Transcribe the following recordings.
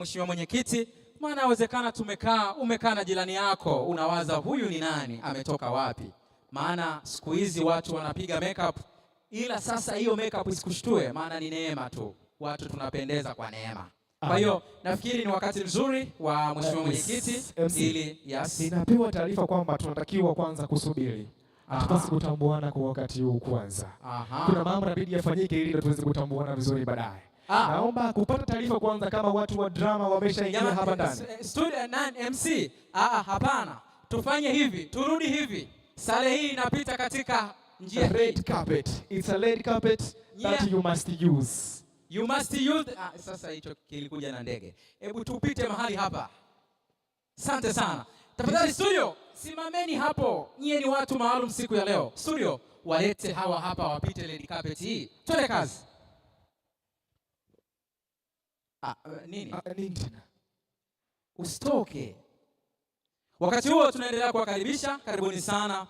Mheshimiwa Mwenyekiti, maana awezekana tumekaa umekaa na jirani yako unawaza huyu ni nani, ametoka wapi? Maana siku hizi watu wanapiga makeup, ila sasa hiyo makeup isikushtue, maana ni neema tu, watu tunapendeza kwa neema. Kwa hiyo nafikiri ni wakati mzuri wa mheshimiwa mwenyekiti ili yes. Ninapewa taarifa kwamba tunatakiwa kwanza kusubiri hatupasi kutambuana kwa wakati huu kwanza. Aha. Kuna mambo yanabidi yafanyike ili tuweze kutambuana vizuri baadaye. Ah, naomba kupata taarifa kwanza kama watu wa drama wameshaingia hapa eh, ndani. Eh, studio nani MC? Ah, ah, hapana. Tufanye hivi, turudi hivi. Sare hii inapita katika njia red carpet. It's a red carpet yeah. that you must use. You must use. Ah, sasa hicho kilikuja na ndege. Hebu tupite mahali hapa. Asante sana. Tafadhali studio, simameni hapo. Nyie ni watu maalum siku ya leo. Studio, walete hawa hapa wapite red carpet hii. Twende kazi. Ah, eh, ah, nini tena? Usitoke. Wakati huo tunaendelea kuwakaribisha, karibuni sana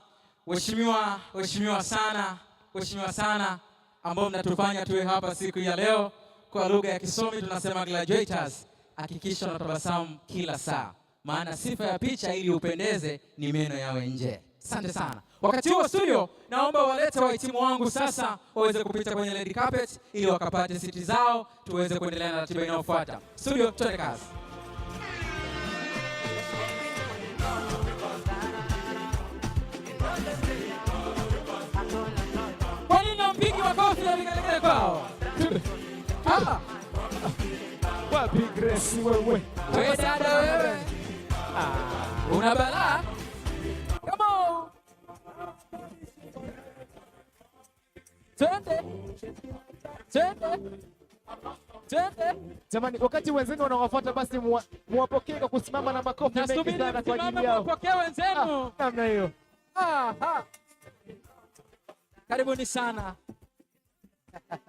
waheshimiwa, waheshimiwa sana, waheshimiwa sana ambao mnatufanya tuwe hapa siku ya leo. Kwa lugha ya kisomi tunasema graduates, hakikisha unatabasamu kila saa, maana sifa ya picha ili upendeze ni meno yawe nje. Asante sana. Wakati huo studio, naomba walete wahitimu wangu sasa waweze kupita kwenye red carpet ili wakapate siti zao, tuweze kuendelea na ratiba inayofuata. Studio, tuende kazi. Kwa nini mpigi na vigelegele kwao? Ah. Wapi Grace wewe? Wewe dada wewe. Ah, una balaa. Twende. Twende. Twende. Jamani, wakati wenzenu wanawafuata basi muwapokee kwa kusimama na makofi mengi sana kwa ajili yao. Mpokee wenzenu. Ah, namna hiyo. Ah, ah. Karibuni sana.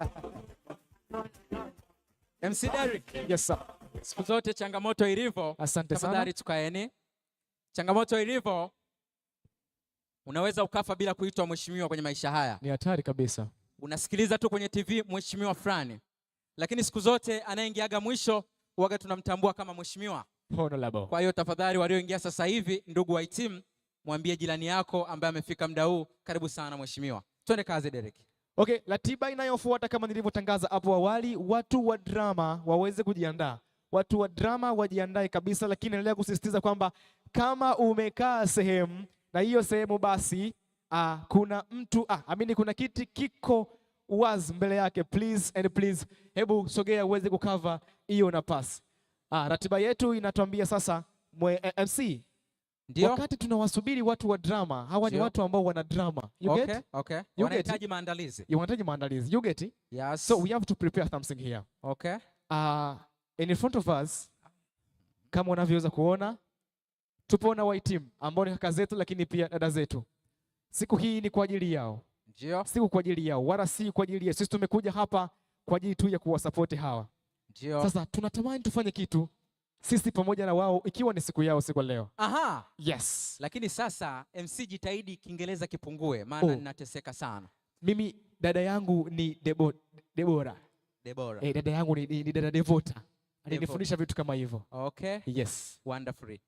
MC Derrick. Yes sir. Siku zote changamoto ilivyo, asante sana. Tafadhali tukaeni. Changamoto ilivyo, unaweza ukafa bila kuitwa mheshimiwa kwenye maisha haya. Ni hatari kabisa unasikiliza tu kwenye TV mheshimiwa fulani, lakini siku zote anayeingiaga mwisho huaga tunamtambua kama mheshimiwa honorable. Kwa hiyo tafadhali, walioingia sasa hivi, ndugu wa wahitimu, mwambie jirani yako ambaye amefika muda huu, karibu sana mheshimiwa. Twende kazi Derek. Okay, ratiba inayofuata kama nilivyotangaza hapo awali, watu wa drama waweze kujiandaa, watu wa drama wajiandae kabisa, lakini naendelea kusisitiza kwamba kama umekaa sehemu na hiyo sehemu basi Uh, kuna mtu ah, amini kuna kiti kiko wazi mbele yake, please and please, hebu sogea uweze kukava hiyo nafasi. Ah, ratiba yetu inatuambia sasa mwe, eh, MC ndio wakati tunawasubiri watu wa drama hawa Ni watu ambao wana drama you okay, get? Okay. You wanahitaji maandalizi you wanahitaji maandalizi you get Yes. So we have to prepare something here okay. Uh, in front of us kama unavyoweza kuona tupo na white team ambao ni kaka zetu, lakini pia dada zetu Siku hii ni kwa ajili yao. Ndio. Siku kwa ajili yao, wala si kwa ajili yetu. Sisi tumekuja hapa kwa ajili tu ya kuwasapoti hawa. Ndio. Sasa tunatamani tufanye kitu sisi pamoja na wao ikiwa ni siku yao siku leo. Aha. Yes. Lakini sasa MC jitahidi Kiingereza kipungue maana oh, ninateseka sana. Mimi dada yangu ni Debo, Debora. Debora. Eh, dada yangu ni, ni, ni dada Devota. Alinifundisha vitu kama hivyo. Okay. Yes. Wonderful.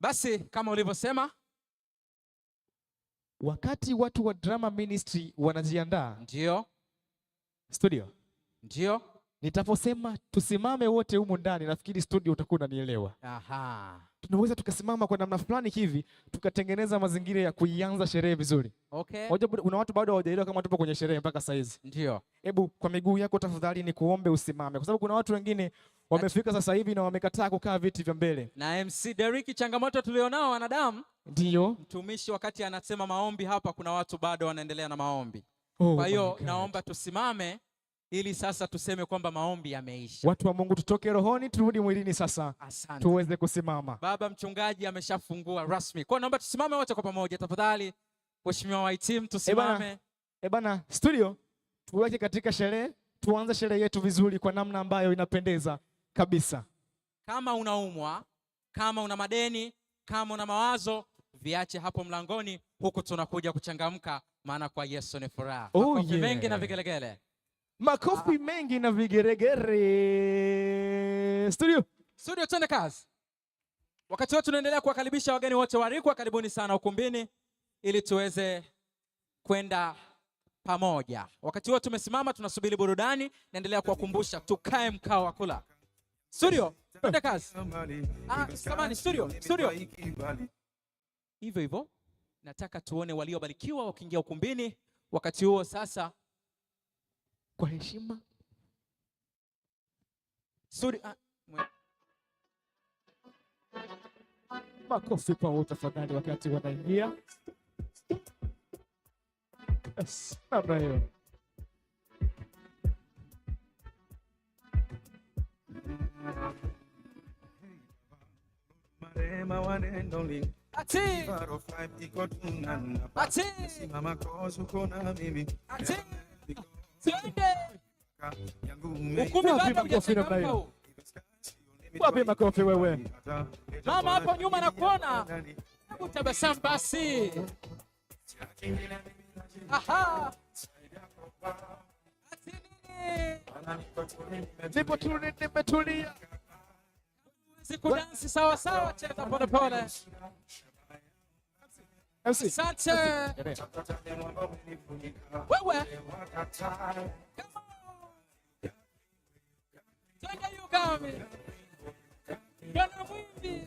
Basi kama ulivyosema Wakati watu wa drama ministry wanajiandaa ndio studio, ndio nitaposema tusimame wote humu ndani, nafikiri studio utakuwa unanielewa. Aha, tunaweza tukasimama kwa namna fulani hivi tukatengeneza mazingira ya kuianza sherehe vizuri. Okay, una watu bado hawajaelewa kama tupo kwenye sherehe mpaka saa hizi. Ndio, hebu kwa miguu yako tafadhali, ni kuombe usimame, kwa sababu kuna watu wengine wamefika sasa hivi na wamekataa kukaa viti vya mbele. Na MC Deriki, changamoto tulionao wanadamu Ndiyo. Mtumishi wakati anasema maombi hapa, kuna watu bado wanaendelea na maombi. Oh, kwa hiyo oh naomba tusimame ili sasa tuseme kwamba maombi yameisha. Watu wa Mungu, tutoke rohoni turudi mwilini sasa. Asante. Tuweze kusimama. Baba mchungaji ameshafungua rasmi, kwa naomba tusimame wote kwa pamoja tafadhali. Mheshimiwa wa team tusimame. Eh bana, studio tuweke katika sherehe, tuanze sherehe yetu vizuri kwa namna ambayo inapendeza kabisa. Kama unaumwa, kama una madeni, kama una mawazo viache hapo mlangoni, huku tunakuja kuchangamka, maana kwa Yesu ni furaha. Oh, makofi yeah. mengi na vigelegele, makofi ah. mengi na vigeregere Studio, studio, twende kazi. Wakati wote tunaendelea kuwakaribisha wageni wote waalikwa, karibuni sana ukumbini ili tuweze kwenda pamoja. Wakati wote tumesimama tunasubiri burudani, naendelea kuwakumbusha tukae mkao wa kula. Studio, twende kazi. Ah, samani, studio, studio. Hivyo hivyo nataka tuone waliobarikiwa wakiingia ukumbini wakati huo sasa, kwa heshima suri ah, makofi kwa tafadhali, wakati wanaingia sanayo marema wanendoli wapi makofi wewe? Mama hapo nyuma nakuona. Hebu tabasamu basi. Aha. Ndipo tu nimetulia. Sikudansi sawa sawa, cheza pole pole. Asante wewe, you Yugami, bwana mwimbi,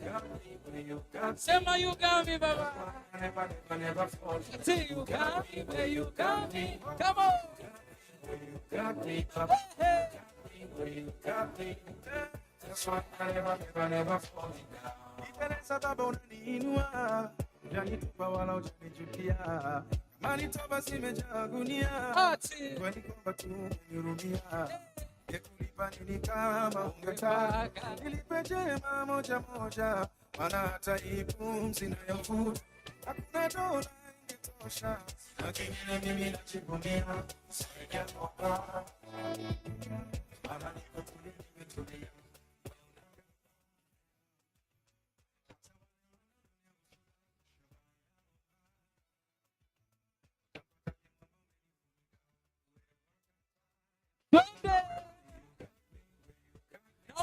sema Yugami baba, ati Yugami we Yugami, come on. Hey, hey. This one can never, never, never fall me down. Iteleza baba unaniinua, unanitupa wala hujanichukia. Amani toba zimejaa gunia, kwani kwamba tu umenihurumia. Ningekulipa nini kama ungetaka, nilipe jema moja moja, maana hata hii pumzi nayovuta hakuna dola ingetosha. Na kingine mimi najivunia, saidia kwa Bwana, maana niko kule nimetulia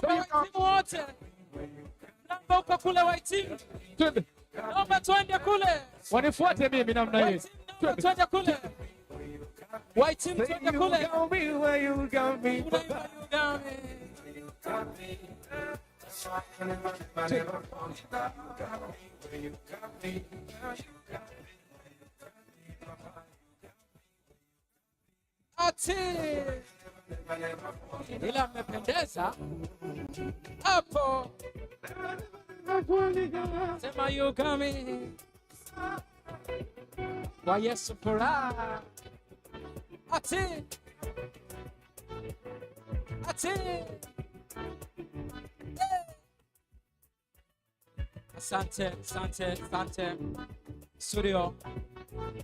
Waislamu wote naomba uko kule Waiting, naomba tuende kule, wanifuate mimi namna hii, tuende kule Waiting, tuende kule ati ila mmependeza hapo, sema yukami kwa Yesu furaha ati ati eh! Asante, asante, asante studio,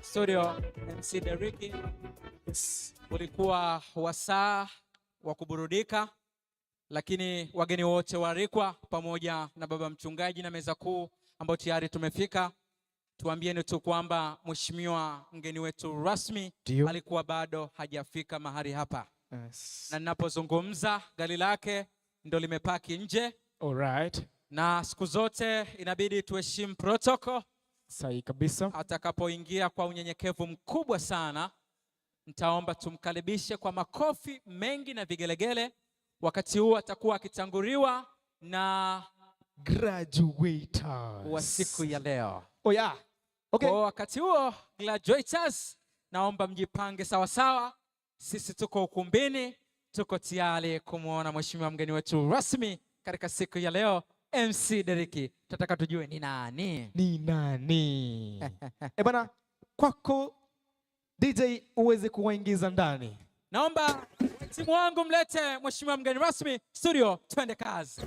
studio MC Deriki. ulikuwa wasaa wa kuburudika, lakini wageni wote waalikwa pamoja na baba mchungaji na meza kuu ambao tayari tumefika, tuambieni tu kwamba mheshimiwa mgeni wetu rasmi Dio, alikuwa bado hajafika mahali hapa yes. Na ninapozungumza gari lake ndo limepaki nje. right. Na siku zote inabidi tuheshimu protocol. Sahihi kabisa. Atakapoingia kwa unyenyekevu mkubwa sana Nitaomba tumkaribishe kwa makofi mengi na vigelegele. Wakati huu atakuwa akitanguliwa na graduates wa siku ya leo. Oh yeah. Okay. Kwa wakati huo graduates, naomba mjipange sawasawa. Sisi tuko ukumbini, tuko tayari kumwona mheshimiwa mgeni wetu rasmi katika siku ya leo. MC Deriki, tunataka tujue ni nani, ni nani? Eh bana kwako DJ uweze kuwaingiza ndani. Naomba timu wangu mlete mheshimiwa mgeni rasmi studio, twende kazi.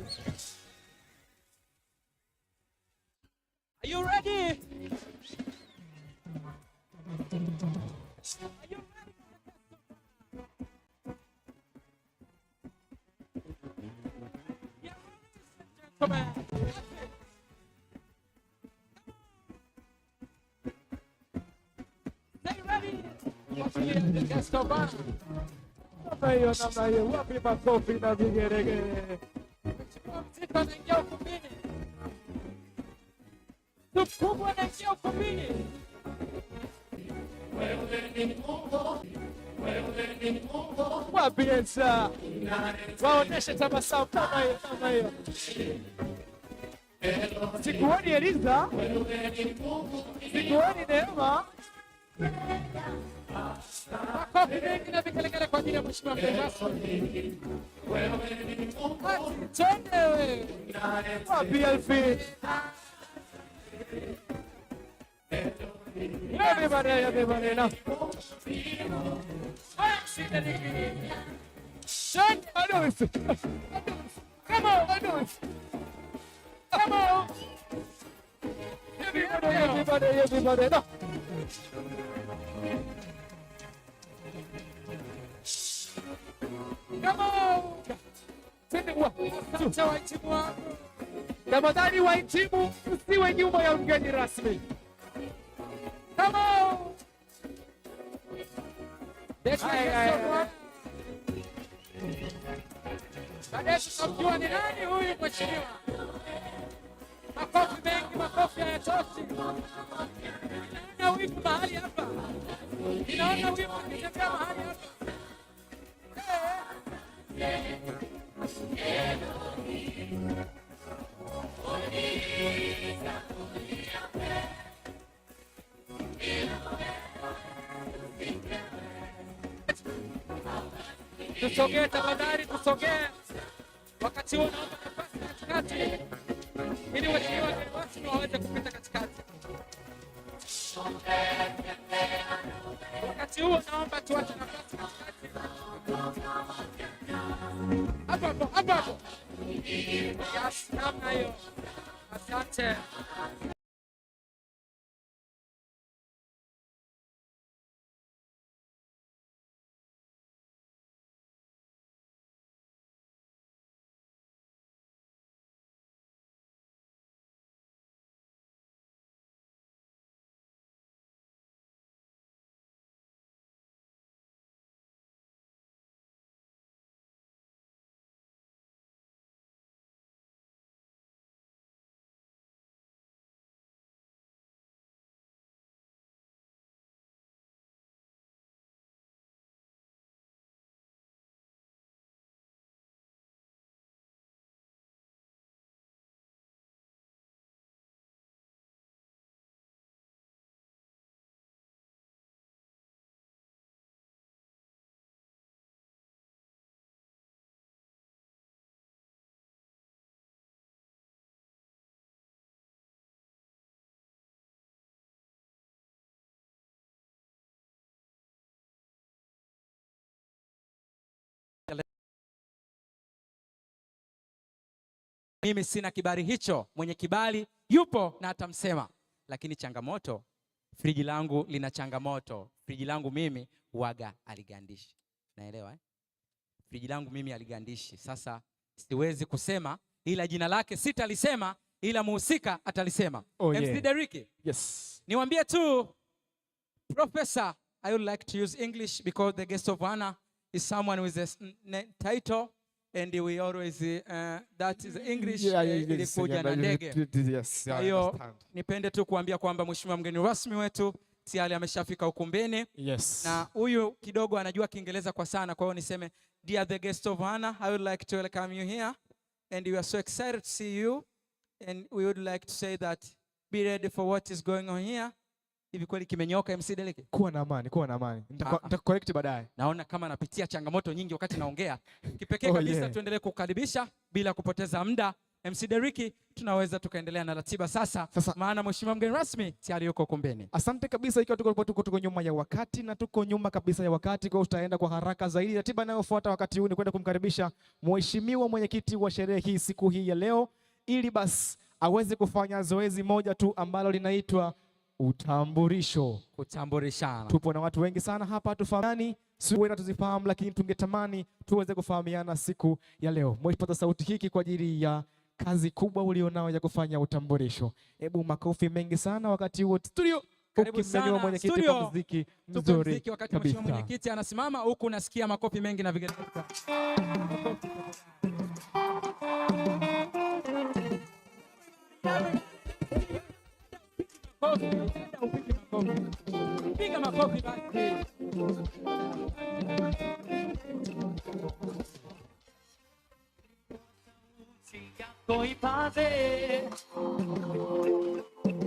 Are you ready? Are you ready? Come on. Kilian Escobar. Namejo, namejo, łapi ma kofi na wigierege. Cypa na działku mini. Tu kubo na działku mini. Łapięca. Waonesha tama sam, tama je, tama je. Sikuoni Eliza. Sikuoni Neema. Sikuoni Neema. Makofi mengi na vigelegele kwa ajili ya mheshimiwa mgeni rasmi. Twende wewe wa PLP. Everybody, everybody now. Shut I know it. I know it. Come on, I know it. Come on. Everybody, everybody, everybody, no. Come on. Tafadhali wahitimu, usiwe nyuma ya mgeni rasmi. Come on. Baadaye tutamjua ni nani huyu mheshimiwa. Makofi mengi, makofi hayatoshi. Ninaona wivu mahali hapa, ninaona wivu akitembea mahali hapa. Tusogee tafadhali, tusogee wakati huu, naomba nafasi katikati. ili waheshimiwa wageni rasmi waweze kupita katikati. Wakati huo naomba tuache nafasi katikati, hapo hapo hapo hapo, namna hiyo. Asante. Mimi sina kibali hicho, mwenye kibali yupo na atamsema. Lakini changamoto, friji langu lina changamoto. Friji langu mimi waga aligandishi, naelewa eh? Friji langu mimi aligandishi. Sasa siwezi kusema, ila jina lake sitalisema, ila muhusika atalisema. Oh, MC yeah. Deriki, yes. Niwaambie tu Professor, I would like to use English because the guest of honor is someone with a title and we always uh, that is mm, English yeah, yeah, eh, ilikuja yeah, na ndege kwa hiyo yes, nipende tu kuambia kwamba mheshimiwa mgeni rasmi wetu tayari ameshafika ukumbini yes. Na huyu kidogo anajua Kiingereza kwa sana, kwa hiyo niseme dear the guest of honor I would like to welcome you here and we are so excited to see you and we would like to say that be ready for what is going on here Hivi kweli kimenyoka MC Deleke? Kuwa na amani, kuwa na amani. Ah, ah. Nitakucorrect baadaye. Naona kama napitia changamoto nyingi wakati naongea. Kipekee oh, kabisa yeah. Tuendelee kukaribisha bila kupoteza muda. MC Deriki, tunaweza tukaendelea na ratiba sasa, sasa. Maana mheshimiwa mgeni rasmi tayari yuko kumbeni. Asante kabisa, ikiwa tuko, tuko, tuko nyuma ya wakati na tuko nyuma kabisa ya wakati, kwa hiyo tutaenda kwa haraka zaidi. Ratiba inayofuata wakati huu ni kwenda kumkaribisha mheshimiwa mwenyekiti wa sherehe hii siku hii ya leo, ili basi aweze kufanya zoezi moja tu ambalo linaitwa utambulisho, kutambulishana. Tupo na watu wengi sana hapa tufahamiani, na tuzifahamu, lakini tungetamani tuweze kufahamiana siku ya leo. Mwepata sauti hiki kwa ajili ya kazi kubwa ulionao ya kufanya utambulisho. Hebu makofi mengi sana wakati huo studio ukimdaliwa mwenyekiti kwa muziki mzuri wakati mheshimiwa mwenyekiti anasimama huku nasikia makofi mengi na vigele makofi, piga makofi basi. ipate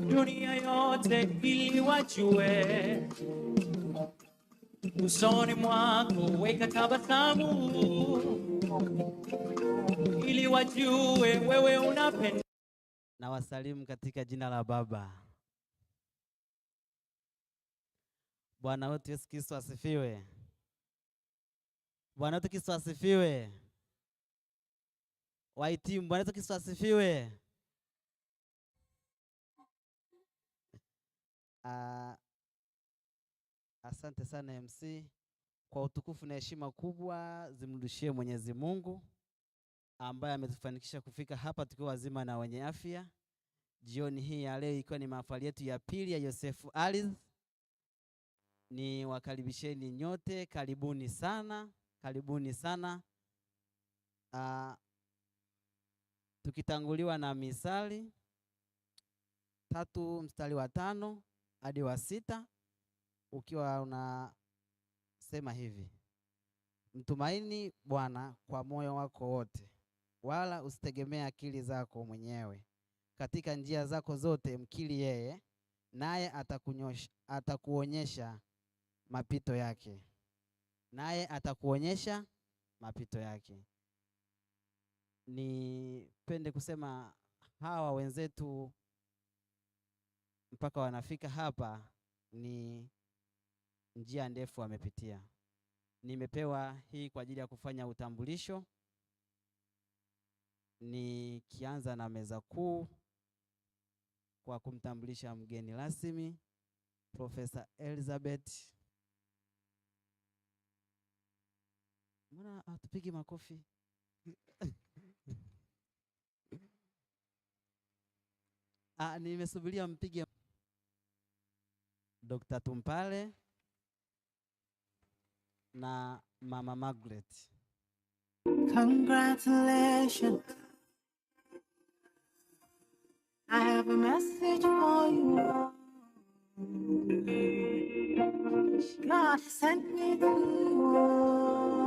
dunia yote ili wajue usoni mwako weka tabasamu ili wajue wewe unapenda. Nawasalimu katika jina la Baba Bwana wetu Yesu Kristo asifiwe. Bwana wetu Kristo asifiwe. Waitimu, Bwana wetu Kristo asifiwe. Uh, asante sana MC kwa utukufu na heshima kubwa zimrudishie Mwenyezi Mungu ambaye ametufanikisha kufika hapa tukiwa wazima na wenye afya jioni hii ya leo, ikiwa ni mahafali yetu ya pili ya Yosefu Ardhi ni wakaribisheni nyote, karibuni sana, karibuni sana. Aa, ah, tukitanguliwa na Misali tatu mstari wa tano hadi wa sita ukiwa unasema hivi: mtumaini Bwana kwa moyo wako wote, wala usitegemee akili zako mwenyewe. Katika njia zako zote mkili yeye, naye atakuonyesha mapito yake, naye atakuonyesha mapito yake. Nipende kusema hawa wenzetu mpaka wanafika hapa ni njia ndefu wamepitia. Nimepewa hii kwa ajili ya kufanya utambulisho, nikianza na meza kuu kwa kumtambulisha mgeni rasmi Profesa Elizabeth Mbona hatupigi makofi? Ah, nimesubiria mpige Dr. Tumpale na Mama Margaret. Congratulations. I have a message for you. God sent me to you.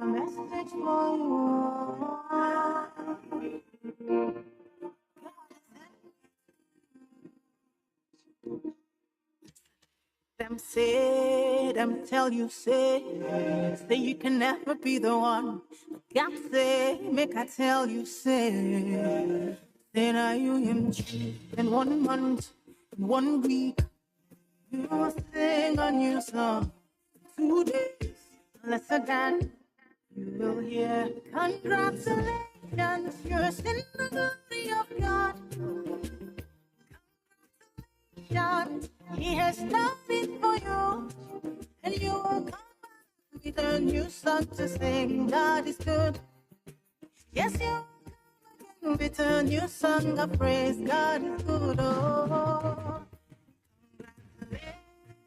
a message for you. Them say, them tell you say, say you can never be the one. God say, make I tell you say, then I you him in one month, in one week. You sing a new song, two days, less again. You will hear congratulations, you're in the glory of God. Congratulations, He has done it for you, and you will come with a new song to sing. God is good. Yes, you will come with a new song of praise. God is good. Oh.